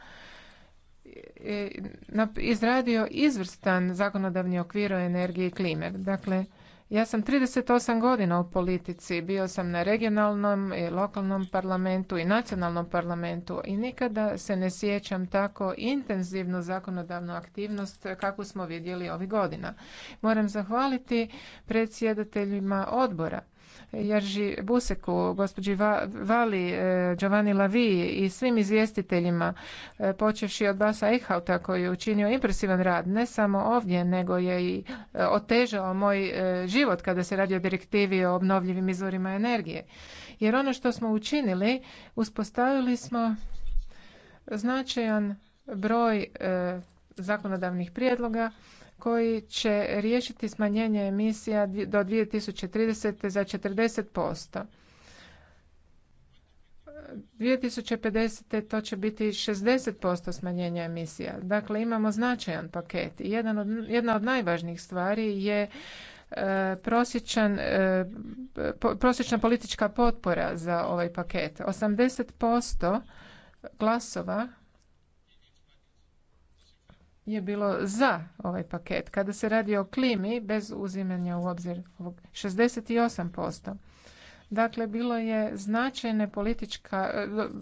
B: e, e, izradio izvrstan zakonodavni okvir o energiji i klime. Dakle, ja sam 38 godina u politici, bio sam na regionalnom i lokalnom parlamentu i nacionalnom parlamentu i nikada se ne sjećam tako intenzivnu zakonodavnu aktivnost kakvu smo vidjeli ovih godina. Moram zahvaliti predsjedateljima odbora Jerži Buseku, gospođi Vali, e, Giovanni Lavi i svim izvjestiteljima, e, počevši od Basa Eichhauta koji je učinio impresivan rad, ne samo ovdje, nego je i e, otežao moj život kada se radi o direktivi o obnovljivim izvorima energije. Jer ono što smo učinili, uspostavili smo značajan broj zakonodavnih prijedloga koji će riješiti smanjenje emisija do 2030. za 40%. 2050. to će biti 60% smanjenja emisija. Dakle, imamo značajan paket. i jedna od najvažnijih stvari je e, e, prosječna politička potpora za ovaj paket. 80% glasova je bilo za ovaj paket. Kada se radi o klimi, bez uzimanja u obzir ovog 68%. Dakle, bilo je značajne politička,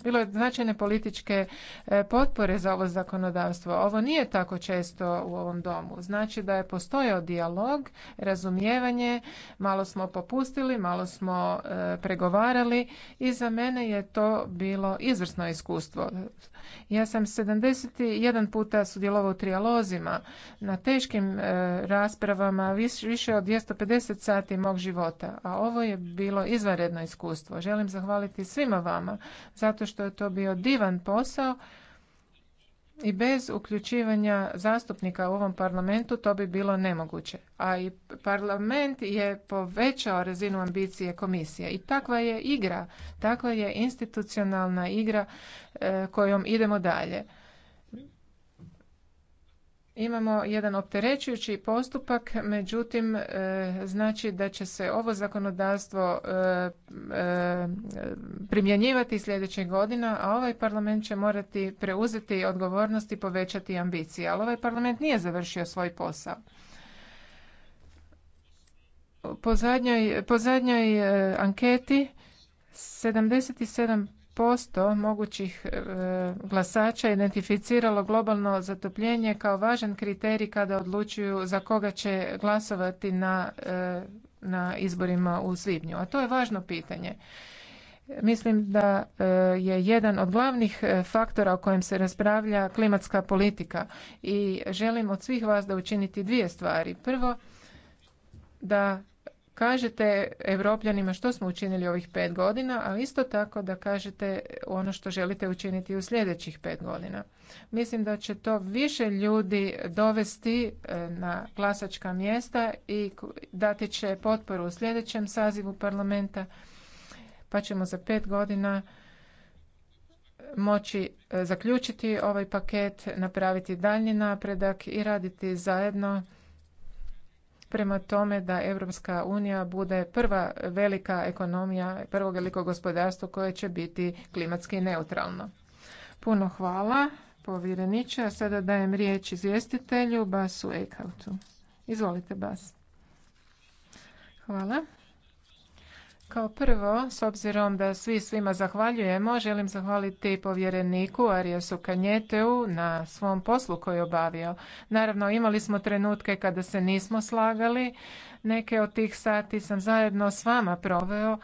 B: bilo je značajne političke e, potpore za ovo zakonodavstvo. Ovo nije tako često u ovom domu. Znači da je postojao dijalog, razumijevanje, malo smo popustili, malo smo e, pregovarali i za mene je to bilo izvrsno iskustvo. Ja sam 71 puta sudjelovao u trijalozima, na teškim e, raspravama, više od 250 sati mog života, a ovo je bilo izvanredno iskustvo. Želim zahvaliti svima vama zato što je to bio divan posao i bez uključivanja zastupnika u ovom parlamentu to bi bilo nemoguće. A i parlament je povećao razinu ambicije komisije i takva je igra, takva je institucionalna igra e, kojom idemo dalje imamo jedan opterećujući postupak, međutim e, znači da će se ovo zakonodavstvo e, e, primjenjivati sljedećeg godina, a ovaj parlament će morati preuzeti odgovornost i povećati ambicije. Ali ovaj parlament nije završio svoj posao. Po zadnjoj, po zadnjoj anketi 77% posto mogućih e, glasača identificiralo globalno zatopljenje kao važan kriterij kada odlučuju za koga će glasovati na, e, na izborima u svibnju a to je važno pitanje mislim da e, je jedan od glavnih faktora o kojem se raspravlja klimatska politika i želim od svih vas da učinite dvije stvari prvo da kažete Evropljanima što smo učinili ovih pet godina, ali isto tako da kažete ono što želite učiniti u sljedećih pet godina. Mislim da će to više ljudi dovesti e, na glasačka mjesta i dati će potporu u sljedećem sazivu parlamenta, pa ćemo za pet godina moći e, zaključiti ovaj paket, napraviti daljnji napredak i raditi zajedno prema tome da Europska unija bude prva velika ekonomija, prvo veliko gospodarstvo koje će biti klimatski neutralno. Puno hvala povjereniče, a sada dajem riječ izvjestitelju Basu Ekautu. Izvolite Bas. Hvala. Kao prvo, s obzirom da svi svima zahvaljujemo, želim zahvaliti povjereniku Ariasu Kanjeteu na svom poslu koji je obavio. Naravno, imali smo trenutke kada se nismo slagali. Neke od tih sati sam zajedno s vama proveo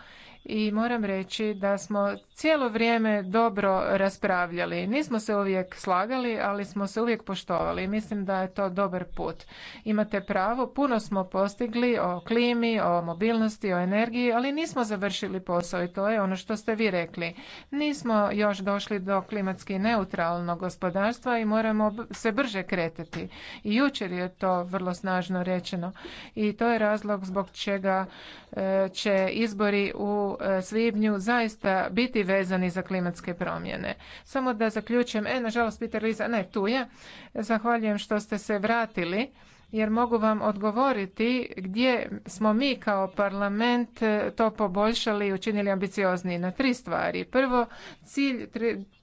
B: i moram reći da smo cijelo vrijeme dobro raspravljali. Nismo se uvijek slagali, ali smo se uvijek poštovali. Mislim da je to dobar put. Imate pravo, puno smo postigli o klimi, o mobilnosti, o energiji, ali nismo završili posao i to je ono što ste vi rekli. Nismo još došli do klimatski neutralnog gospodarstva i moramo se brže kretati. I jučer je to vrlo snažno rečeno. I to je razlog zbog čega e, će izbori u E, svibnju zaista biti vezani za klimatske promjene. Samo da zaključim, e, nažalost, Peter Liza, ne, tu je. Zahvaljujem što ste se vratili jer mogu vam odgovoriti gdje smo mi kao parlament e, to poboljšali i učinili ambiciozniji na tri stvari. Prvo, cilj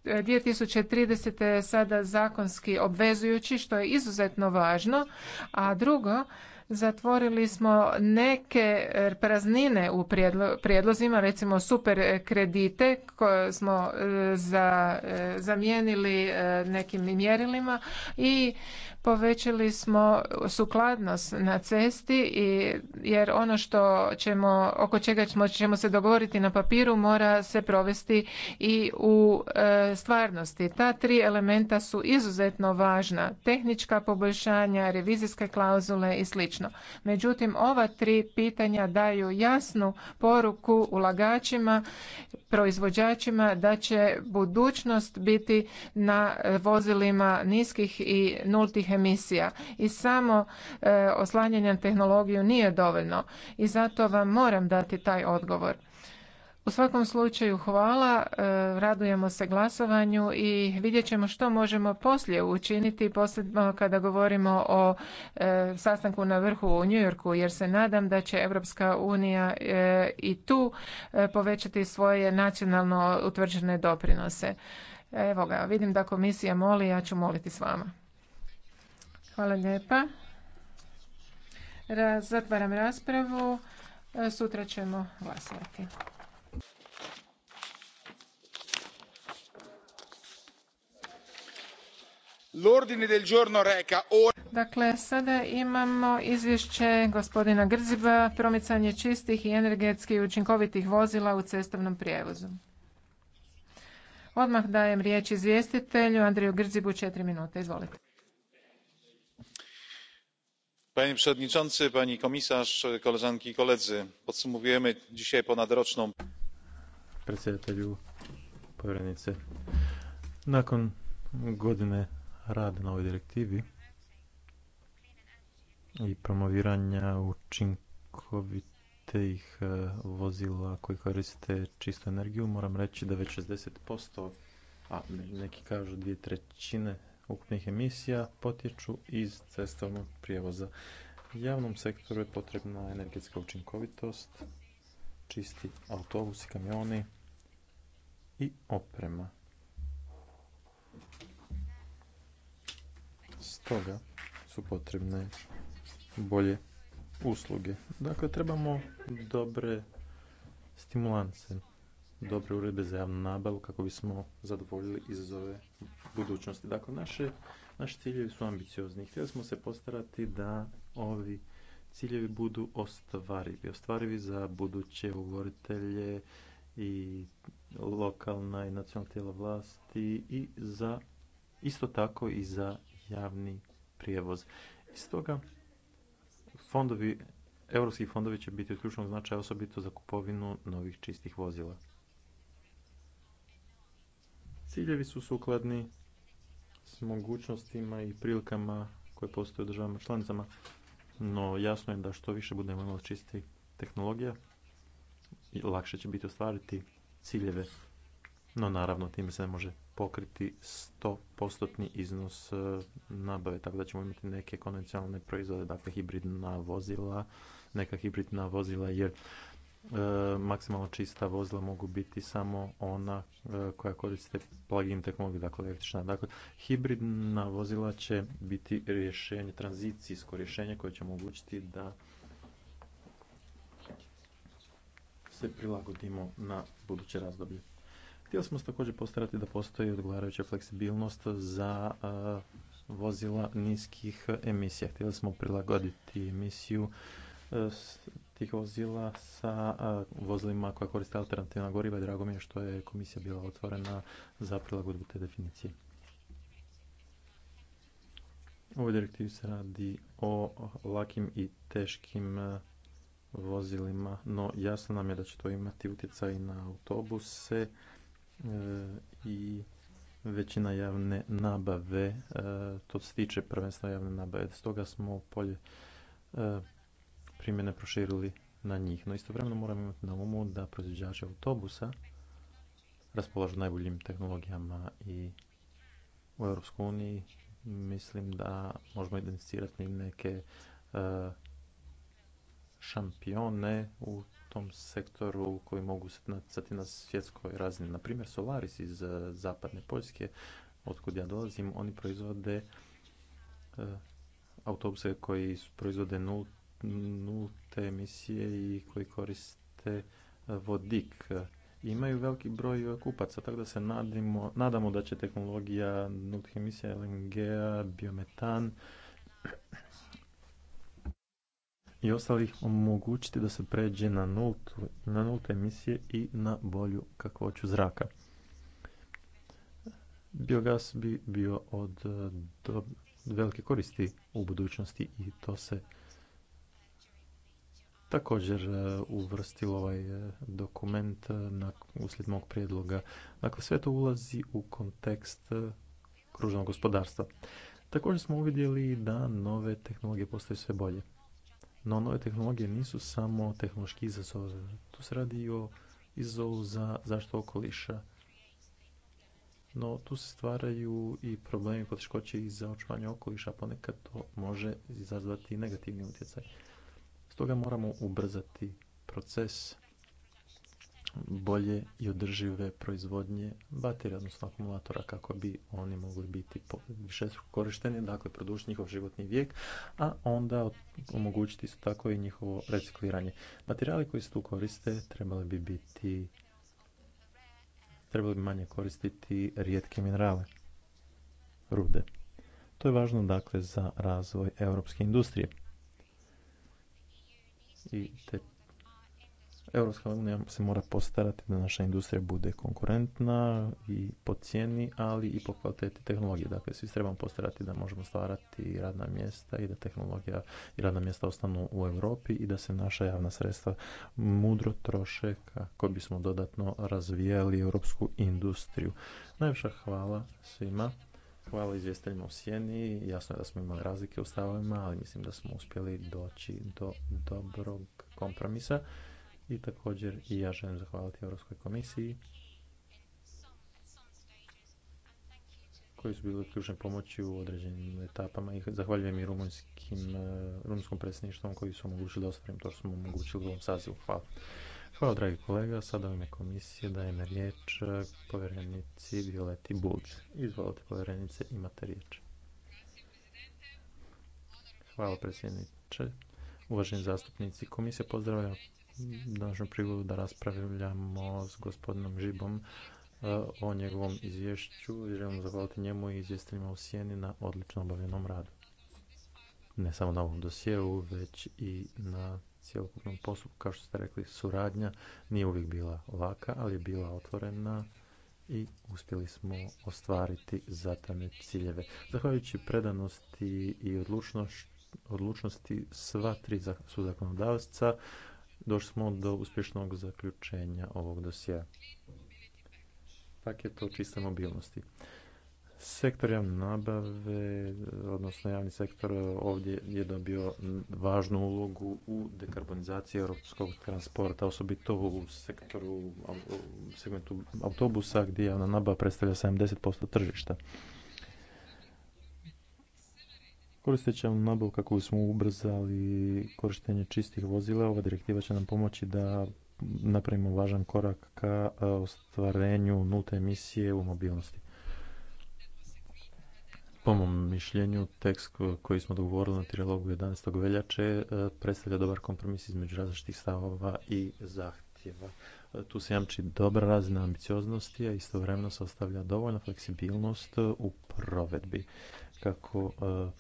B: 2030. E, je sada zakonski obvezujući, što je izuzetno važno, a drugo, Zatvorili smo neke praznine u prijedlozima, recimo super kredite koje smo e, e, zamijenili e, nekim mjerilima i povećali smo sukladnost na cesti i jer ono što ćemo, oko čega ćemo, se dogovoriti na papiru mora se provesti i u e, stvarnosti. Ta tri elementa su izuzetno važna. Tehnička poboljšanja, revizijske klauzule i slično. Međutim, ova tri pitanja daju jasnu poruku ulagačima, proizvođačima da će budućnost biti na vozilima niskih i nultih emisija i samo e, oslanjanje na tehnologiju nije dovoljno i zato vam moram dati taj odgovor. U svakom slučaju hvala, e, radujemo se glasovanju i vidjet ćemo što možemo poslije učiniti, posebno kada govorimo o e, sastanku na vrhu u Yorku, jer se nadam da će Europska unija i tu povećati svoje nacionalno utvrđene doprinose. Evo ga, vidim da komisija moli, ja ću moliti s vama. Hvala lijepa. Zatvaram raspravu. E, sutra ćemo glasovati. L'ordine del giorno Dakle, sada imamo izvješće gospodina Grziba, promicanje čistih i energetski učinkovitih vozila u cestovnom prijevozu. Odmah dajem riječ izvjestitelju Andriju Grzibu, četiri minute, izvolite
A: panie przewodniczący! pani komisarz! koleżanki i koledzy! podsumowujemy dzisiaj ponadroczną. predsjedatelju povjerenice nakon godine rada na ovoj direktivi i promoviranja učinkovitih vozila koji koriste čistu energiju moram reći da već 60% a neki kažu dvije trećine ukupnih emisija potječu iz cestovnog prijevoza. Javnom sektoru je potrebna energetska učinkovitost, čisti autobusi, kamioni i oprema. Stoga su potrebne bolje usluge. Dakle, trebamo dobre stimulanse dobre uredbe za javnu nabavu kako bismo zadovoljili izazove budućnosti. Dakle, naše, naši ciljevi su ambiciozni. Htjeli smo se postarati da ovi ciljevi budu ostvarivi. Ostvarivi za buduće ugovoritelje i lokalna i nacionalna tijela vlasti i za isto tako i za javni prijevoz. Iz toga fondovi, europski fondovi će biti od ključnog značaja osobito za kupovinu novih čistih vozila. Ciljevi su sukladni s mogućnostima i prilikama koje postoje u državama članicama, no jasno je da što više budemo imali čistih tehnologija, lakše će biti ostvariti ciljeve, no naravno time se ne može pokriti 100% iznos e, nabave, tako da ćemo imati neke konvencionalne proizvode, dakle hibridna vozila, neka hibridna vozila jer E, maksimalno čista vozila mogu biti samo ona e, koja koriste plug-in tehnologiju, dakle električna. Dakle, hibridna vozila će biti rješenje, tranzicijsko rješenje koje će omogućiti da se prilagodimo na buduće razdoblje. Htjeli smo također postarati da postoji odgovarajuća fleksibilnost za e, vozila niskih emisija. Htjeli smo prilagoditi emisiju vozila sa vozilima koja koriste alternativna goriva i drago mi je što je komisija bila otvorena za prilagodbu te definicije. U ovoj direktivi se radi o lakim i teškim vozilima, no jasno nam je da će to imati utjecaj na autobuse e, i većina javne nabave, e, to se tiče prvenstva javne nabave. Stoga smo polje e, primjene proširili na njih. No istovremeno moramo imati na umu da proizvođači autobusa raspolažu najboljim tehnologijama i u Europskoj mislim da možemo identificirati neke e, šampione u tom sektoru koji mogu se natjecati na svjetskoj razini. Na primjer Solaris iz e, zapadne Poljske, otkud ja dolazim, oni proizvode e, autobuse koji proizvode nult nulte emisije i koji koriste e, vodik imaju veliki broj kupaca, tako da se nadimo, nadamo da će tehnologija nultih emisija lng biometan i ostalih omogućiti da se pređe na, nultu, na nulte emisije i na bolju kakvoću zraka. Biogas bi bio od, od velike koristi u budućnosti i to se također e, uvrstilo ovaj e, dokument e, na, uslijed mog prijedloga. Dakle, sve to ulazi u kontekst kružnog gospodarstva. Također smo uvidjeli da nove tehnologije postaju sve bolje. No nove tehnologije nisu samo tehnološki izazov. Tu se radi i o izazovu za zaštitu okoliša. No tu se stvaraju i problemi poteškoće i za očuvanje okoliša, ponekad to može izazvati negativni utjecaj. Stoga moramo ubrzati proces bolje i održive proizvodnje baterija, odnosno akumulatora, kako bi oni mogli biti više korišteni, dakle produžiti njihov životni vijek, a onda omogućiti su tako i njihovo recikliranje. Materijali koji se tu koriste trebali bi biti trebali bi manje koristiti rijetke minerale, rude. To je važno dakle za razvoj europske industrije i te Europska unija se mora postarati da naša industrija bude konkurentna i po cijeni, ali i po kvaliteti tehnologije. Dakle, svi trebamo postarati da možemo stvarati radna mjesta i da tehnologija i radna mjesta ostanu u Europi i da se naša javna sredstva mudro troše kako bismo dodatno razvijali europsku industriju. Najviše hvala svima. Hvala izvjestiteljima u Sjeni. Jasno je da smo imali razlike u stavovima, ali mislim da smo uspjeli doći do dobrog kompromisa. I također i ja želim zahvaliti Europskoj komisiji koji su bili od ključne pomoći u određenim etapama i zahvaljujem i rumunjskim, eh, rumunskom predsjedništvom koji su omogućili da to što smo omogućili u ovom sazivu. Hvala. Hvala, dragi kolega. Sada u ime komisije dajem riječ e, povjerenici Violeti Bulj. Izvolite, povjerenice, imate riječ. Hvala, predsjedniče. Uvaženi zastupnici, komisije pozdravlja današnju prigodu da raspravljamo s gospodinom Žibom e, o njegovom izvješću želim zahvaliti njemu i izvjestiteljima u Sjeni na odlično obavljenom radu. Ne samo na ovom dosjeu, već i na cjelokupnom postupku. Kao što ste rekli, suradnja nije uvijek bila laka, ali je bila otvorena i uspjeli smo ostvariti zatane ciljeve. Zahvaljujući predanosti i odlučnosti sva tri su zakonodavca, došli smo do uspješnog zaključenja ovog dosjea. Paket o čiste mobilnosti. Sektor javne nabave, odnosno javni sektor, ovdje je dobio važnu ulogu u dekarbonizaciji europskog transporta, osobito u sektoru, u segmentu autobusa gdje javna nabava predstavlja 70% tržišta. Koristit ćemo nabavu kako smo ubrzali korištenje čistih vozila. Ova direktiva će nam pomoći da napravimo važan korak ka ostvarenju nulte emisije u mobilnosti. Po mom mišljenju, tekst koji smo dogovorili na trilogu 11. veljače e, predstavlja dobar kompromis između različitih stavova i zahtjeva. E, tu se jamči dobra razina ambicioznosti, a istovremeno se ostavlja dovoljna fleksibilnost u provedbi kako e,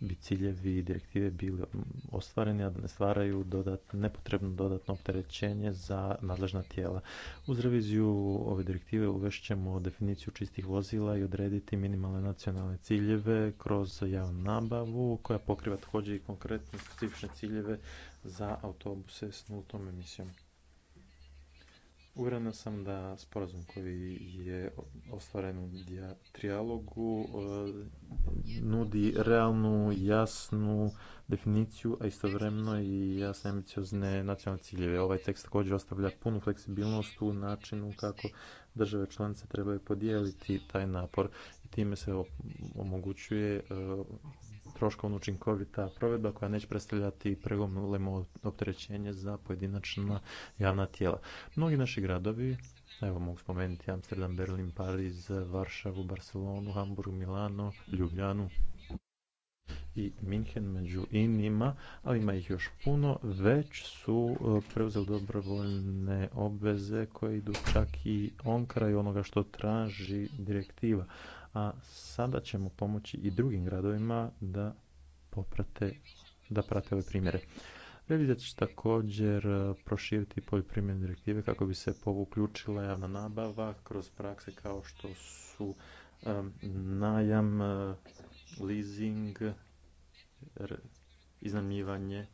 A: bi ciljevi i direktive bili mm, ostvareni, a da ne stvaraju dodat, nepotrebno dodatno opterećenje za nadležna tijela. Uz reviziju ove direktive uvešćemo definiciju čistih vozila i odrediti minimalne nacionalne ciljeve kroz javnu nabavu koja pokriva također i konkretne specifične ciljeve za autobuse s nultom emisijom. Uvjereno sam da sporazum koji je ostvaren u trijalogu e, nudi realnu, jasnu definiciju, a istovremeno i jasne ambiciozne nacionalne ciljeve. Ovaj tekst također ostavlja punu fleksibilnost u načinu kako države članice trebaju podijeliti taj napor i time se omogućuje e, troškovno učinkovita provedba koja neće predstavljati pregomljeno opterećenje za pojedinačna javna tijela. Mnogi naši gradovi, evo mogu spomenuti Amsterdam, Berlin, Pariz, Varšavu, Barcelonu, Hamburg, Milano, Ljubljanu, i Minhen među inima, ali ima ih još puno, već su e, preuzeli dobrovoljne obveze koje idu čak i on kraj onoga što traži direktiva a sada ćemo pomoći i drugim gradovima da poprate, da prate ove primjere. Revizija će također e, proširiti poljoprivredne direktive kako bi se povuključila javna nabava kroz prakse kao što su e, najam, e, leasing, iznajmljivanje